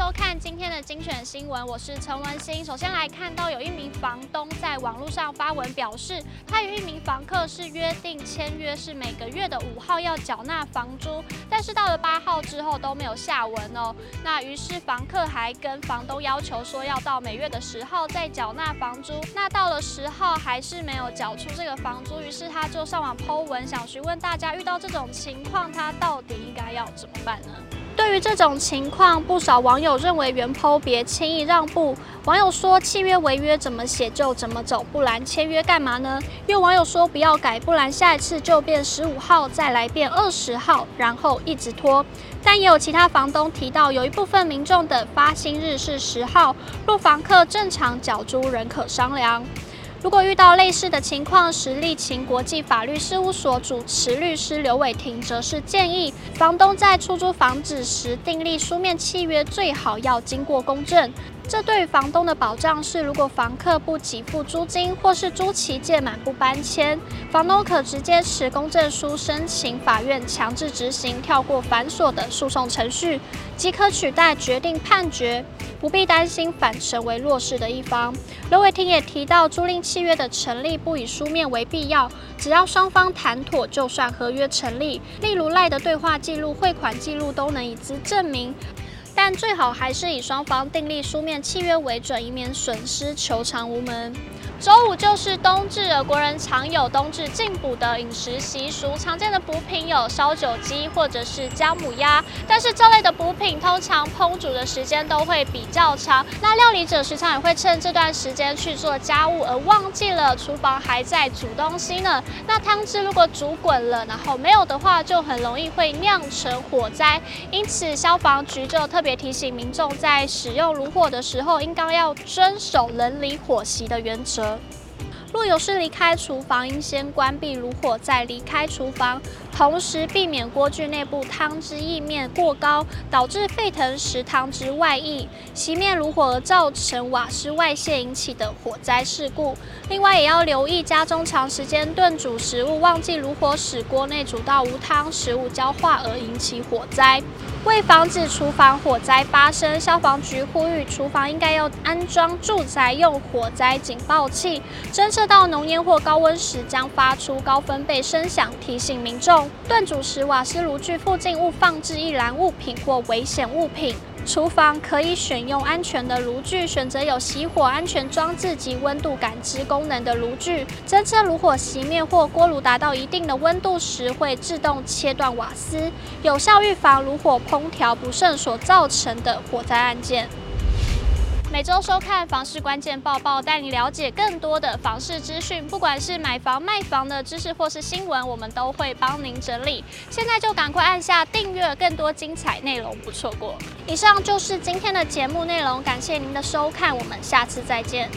收看今天的精選新聞，我是陳文心。首先來看到，有一名房東在網絡上發文表示，他與一名房客是約定簽約，是每個月的五號要繳納房租，但是到了八號之後都沒有下文哦。那於是房客還跟房東要求說，要到每月的十號再繳納房租。那到了十號還是沒有繳出這個房租，於是他就上網 PO 文，想詢問大家，遇到這種情況，他到底應該要怎麼辦呢？對於這種情況，不少網友認為原 PO 別輕易讓步。網友說：“契約違約怎麼寫就怎麼走，不然簽約幹嘛呢？”有網友說：“不要改，不然下一次就變十五號再來變二十號，然後一直拖。”但也有其他房東提到，有一部分民眾的發薪日是十號，若房客正常繳租仍可商量。如果遇到類似的情況時，力勤國際法律事務所主持律師劉偉婷則是建議，房東在出租房子時訂立書面契約，最好要經過公證。這對於房東的保障是，如果房客不給付租金或是租期屆滿不搬遷，房東可直接持公證書申請法院強制執行，跳過繁瑣的訴訟程序，即可取代決定判決。不必擔心反成為弱勢的一方。劉偉庭也提到，租賃契約的成立不以書面為必要，只要雙方談妥就算合約成立。例如 LINE 的對話記錄、匯款記錄都能以資證明，但最好還是以雙方訂立書面契約為準，以免損失求償無門。週五就是冬至了，國人常有冬至進補的飲食習俗，常見的補品有燒酒雞或者是薑母鴨，但是這類的補品通常烹煮的時間都會比較長，那料理者時常也會趁這段時間去做家務，而忘記了廚房還在煮東西呢。那湯汁如果煮滾了，然後沒有的話，就很容易會釀成火災，因此消防局就特別提醒民眾在使用爐火的時候，應當要遵守人離火熄的原則。若有事離開廚房，應先關閉爐火，再離開廚房。同時避免鍋具內部湯汁液面過高，導致沸騰時湯汁外溢，熄滅爐火而造成瓦斯外泄引起的火災事故。另外也要留意家中長時間燉煮食物，忘記爐火使鍋內煮到無湯，食物焦化而引起火災。為防止廚房火災發生，消防局呼籲廚房應該要安裝住宅用火災警報器，偵測到濃煙或高溫時將發出高分貝聲響，提醒民眾。燉煮時，瓦斯爐具附近勿放置易燃物品或危險物品。廚房可以選用安全的爐具，選擇有熄火安全裝置及溫度感知功能的爐具。偵測爐火熄滅或鍋爐達到一定的溫度時，會自動切斷瓦斯，有效預防爐火、烹調不慎所造成的火災案件。每週收看房市關鍵報報，帶你了解更多的房市資訊，不管是買房、賣房的知識或是新聞，我們都會幫您整理。現在就趕快按下訂閱，更多精彩內容不錯過。以上就是今天的節目內容，感謝您的收看，我們下次再見。